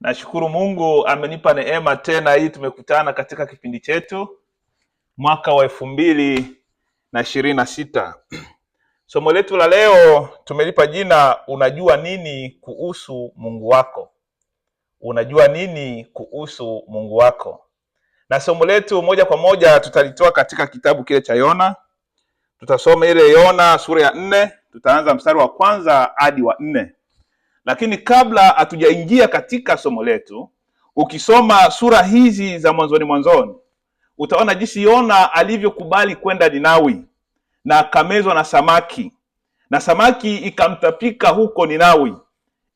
Nashukuru Mungu amenipa neema tena hii, tumekutana katika kipindi chetu mwaka wa elfu mbili na ishirini na sita. Somo letu la leo tumelipa jina unajua nini kuhusu Mungu wako? Unajua nini kuhusu Mungu wako? Na somo letu moja kwa moja tutalitoa katika kitabu kile cha Yona. Tutasoma ile Yona sura ya nne, tutaanza mstari wa kwanza hadi wa nne. Lakini kabla hatujaingia katika somo letu, ukisoma sura hizi za mwanzoni mwanzoni, utaona jinsi Yona alivyokubali kwenda Ninawi na akamezwa na samaki, na samaki ikamtapika huko Ninawi.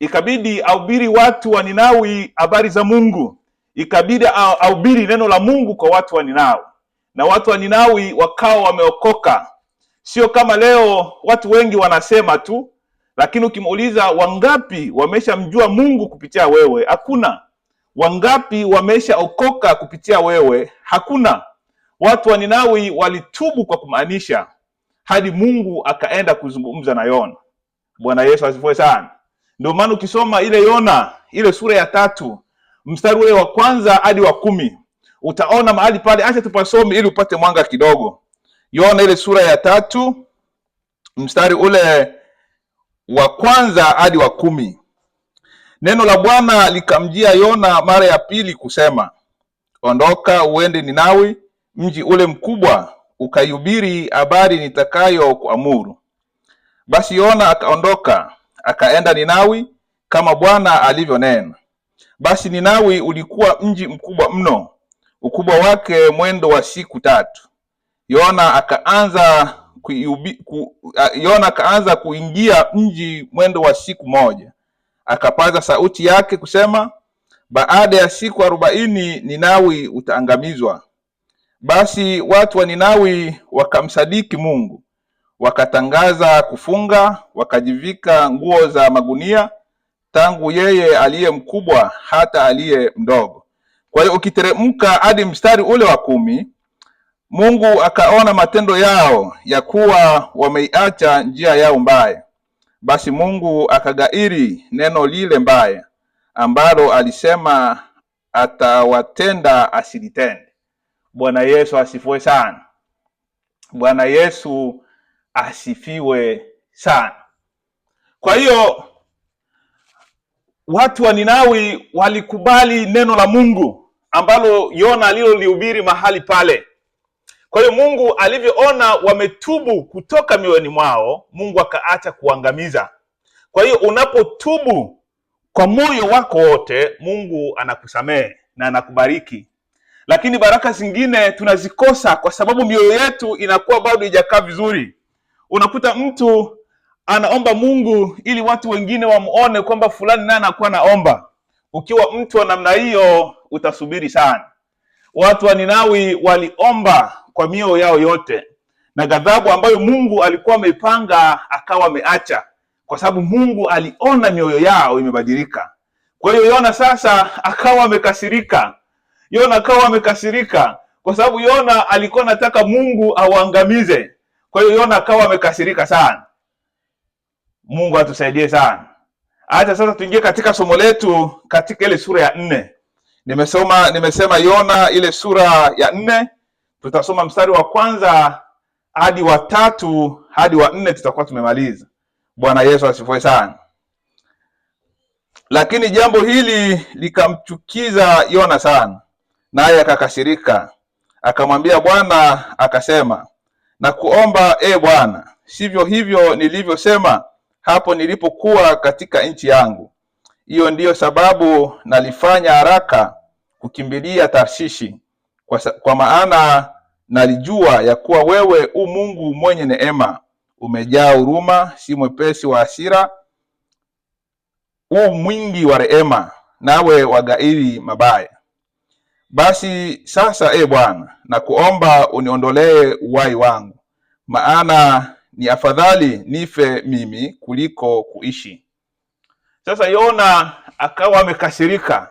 Ikabidi ahubiri watu wa Ninawi habari za Mungu, ikabidi ahubiri neno la Mungu kwa watu wa Ninawi, na watu wa Ninawi wakawa wameokoka. Sio kama leo watu wengi wanasema tu lakini ukimuuliza wangapi wameshamjua Mungu kupitia wewe, hakuna. Wangapi wameshaokoka kupitia wewe, hakuna. Watu wa Ninawi walitubu kwa kumaanisha hadi Mungu akaenda kuzungumza na Yona. Bwana Yesu asifiwe sana. Ndio maana ukisoma ile Yona ile sura ya tatu mstari ule wa kwanza hadi wa kumi utaona mahali pale, acha tupasome ili upate mwanga kidogo. Yona ile sura ya tatu mstari ule wa kwanza hadi wa kumi. Neno la Bwana likamjia Yona mara ya pili kusema, ondoka uende Ninawi, mji ule mkubwa, ukaihubiri habari nitakayokuamuru. Basi Yona akaondoka akaenda Ninawi kama Bwana alivyonena. Basi Ninawi ulikuwa mji mkubwa mno, ukubwa wake mwendo wa siku tatu. Yona akaanza Ah, Yona akaanza kuingia mji mwendo wa siku moja, akapaza sauti yake kusema, baada ya siku arobaini Ninawi utaangamizwa. Basi watu wa Ninawi wakamsadiki Mungu, wakatangaza kufunga, wakajivika nguo za magunia, tangu yeye aliye mkubwa hata aliye mdogo. Kwa hiyo ukiteremka hadi mstari ule wa kumi Mungu akaona matendo yao ya kuwa wameiacha njia yao mbaya, basi Mungu akagairi neno lile mbaya ambalo alisema atawatenda asilitende. Bwana Yesu asifiwe sana. Bwana Yesu asifiwe sana. Kwa hiyo watu wa Ninawi walikubali neno la Mungu ambalo Yona alilolihubiri mahali pale kwa hiyo Mungu alivyoona wametubu kutoka mioyoni mwao, Mungu akaacha kuangamiza. Kwa hiyo unapotubu kwa moyo wako wote, Mungu anakusamehe na anakubariki. Lakini baraka zingine tunazikosa kwa sababu mioyo yetu inakuwa bado haijakaa vizuri. Unakuta mtu anaomba Mungu ili watu wengine wamuone kwamba fulani naye anakuwa naomba. Ukiwa mtu wa namna hiyo utasubiri sana. Watu wa Ninawi waliomba kwa mioyo yao yote, na ghadhabu ambayo Mungu alikuwa ameipanga akawa ameacha, kwa sababu Mungu aliona mioyo yao imebadilika. Kwa hiyo Yona sasa akawa amekasirika. Yona akawa amekasirika kwa sababu Yona alikuwa anataka Mungu awaangamize. Kwa hiyo Yona akawa amekasirika sana. Mungu atusaidie sana. Acha sasa tuingie katika somo letu katika ile sura ya nne. Nimesoma nimesema Yona ile sura ya nne Tutasoma mstari wa kwanza hadi wa tatu hadi wa nne, tutakuwa tumemaliza. Bwana Yesu asifiwe sana. Lakini jambo hili likamchukiza Yona sana, naye akakasirika, akamwambia Bwana akasema, nakuomba e Bwana, sivyo hivyo nilivyosema hapo nilipokuwa katika nchi yangu. Hiyo ndiyo sababu nalifanya haraka kukimbilia Tarshishi kwa, kwa maana nalijua ya kuwa wewe u Mungu mwenye neema, umejaa huruma, si mwepesi wa hasira, u mwingi wa rehema, nawe waghairi mabaya. Basi sasa, e Bwana, nakuomba uniondolee uwai wangu, maana ni afadhali nife mimi kuliko kuishi. Sasa Yona akawa amekasirika,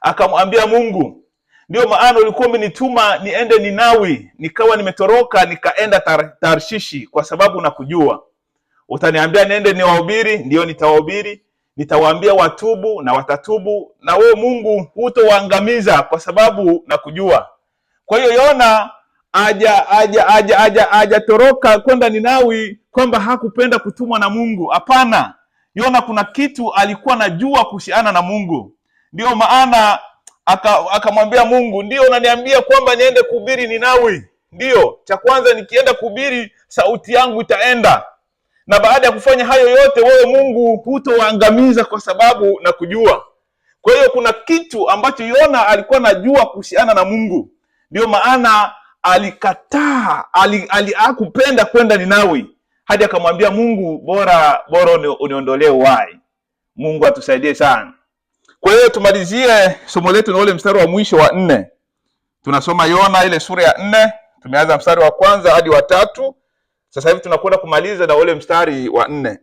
akamwambia Mungu ndio maana ulikuwa umenituma niende Ninawi, nikawa nimetoroka nikaenda tar Tarshishi, kwa sababu nakujua. Utaniambia niende niwahubiri, ndio nitawahubiri, nitawaambia watubu na watatubu, na wewe Mungu hutowaangamiza kwa sababu nakujua. Kwa hiyo Yona aja aja aja aja ajatoroka kwenda Ninawi kwamba hakupenda kutumwa na Mungu. Hapana, Yona kuna kitu alikuwa najua kuhusiana na Mungu. Ndiyo maana akamwambia aka Mungu, ndio unaniambia kwamba niende kuhubiri Ninawi? ndio cha kwanza nikienda kuhubiri sauti yangu itaenda, na baada ya kufanya hayo yote, wewe Mungu hutowaangamiza kwa sababu na kujua. Kwa hiyo kuna kitu ambacho Yona alikuwa najua kuhusiana na Mungu, ndiyo maana alikataa ali, ali, hakupenda kwenda Ninawi hadi akamwambia Mungu, bora bora uniondolee uwai Mungu atusaidie sana. Kwa hiyo tumalizie somo letu na ule mstari wa mwisho wa nne. Tunasoma Yona ile sura ya nne, tumeanza mstari wa kwanza hadi wa tatu. Sasa hivi tunakwenda kumaliza na ule mstari wa nne.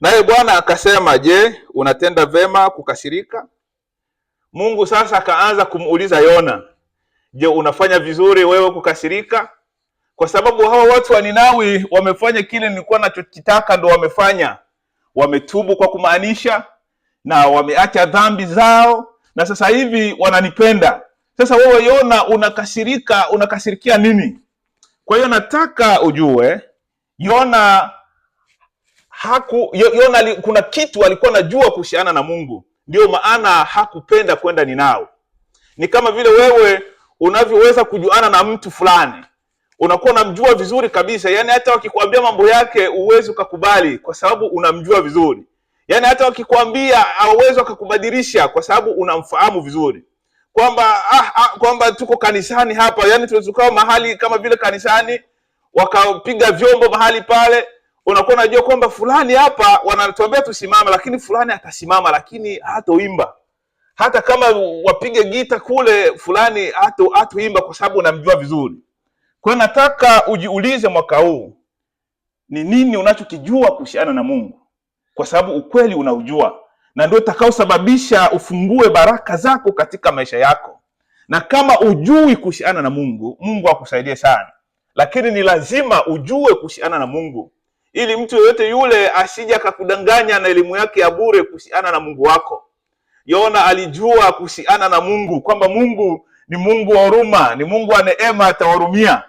Naye Bwana akasema, je, unatenda vema kukasirika? Mungu sasa akaanza kumuuliza Yona, je, unafanya vizuri wewe kukasirika? Kwa sababu hawa watu wa Ninawi wamefanya kile nilikuwa nachokitaka, ndo wamefanya, wametubu kwa kumaanisha na wameacha dhambi zao na sasa hivi wananipenda. Sasa wewe Yona unakasirika, unakasirikia nini? Kwa hiyo nataka ujue Yona haku Yona, kuna kitu alikuwa najua kuhusiana na Mungu, ndio maana hakupenda kwenda nao Ni kama vile wewe unavyoweza kujuana na mtu fulani, unakuwa unamjua vizuri kabisa, yaani hata wakikwambia mambo yake uwezi ukakubali, kwa sababu unamjua vizuri yaani hata wakikwambia hauwezi wakakubadilisha, kwa sababu unamfahamu vizuri kwamba ah, ah, kwamba tuko kanisani hapa, yaani tunazukaa mahali kama vile kanisani, wakapiga vyombo mahali pale, unakuwa unajua kwamba fulani hapa wanatuambia tusimame, lakini fulani atasimama, lakini hatoimba hata kama wapige gita kule, fulani hatu kwa sababu unamjua vizuri. Kwa nataka ujiulize mwaka huu ni nini unachokijua kuhusiana na Mungu kwa sababu ukweli unaujua na ndio utakaosababisha ufungue baraka zako katika maisha yako. Na kama ujui kuhusiana na Mungu, Mungu akusaidie sana, lakini ni lazima ujue kuhusiana na Mungu ili mtu yoyote yule asije akakudanganya na elimu yake ya bure kuhusiana na Mungu wako. Yona alijua kuhusiana na Mungu kwamba Mungu ni Mungu wa huruma, ni Mungu wa neema, atawahurumia.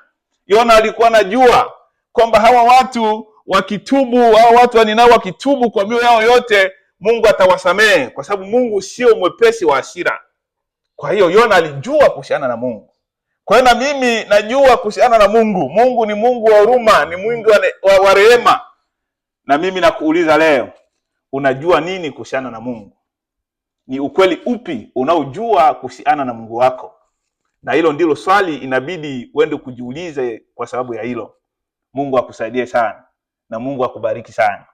Yona alikuwa anajua kwamba hawa watu wakitubu au watu waninao wakitubu kwa mioyo yao yote, Mungu atawasamehe kwa sababu Mungu sio mwepesi wa hasira. Kwa hiyo Yona alijua kuhusiana na Mungu. Kwa hiyo na mimi najua kuhusiana na Mungu. Mungu ni Mungu wa huruma, ni Mungu wa rehema. Na mimi nakuuliza leo, unajua nini kuhusiana na Mungu? Ni ukweli upi unaojua kuhusiana na Mungu wako? Na hilo ndilo swali inabidi uende kujiulize, kwa sababu ya hilo. Mungu akusaidie sana na Mungu akubariki sana.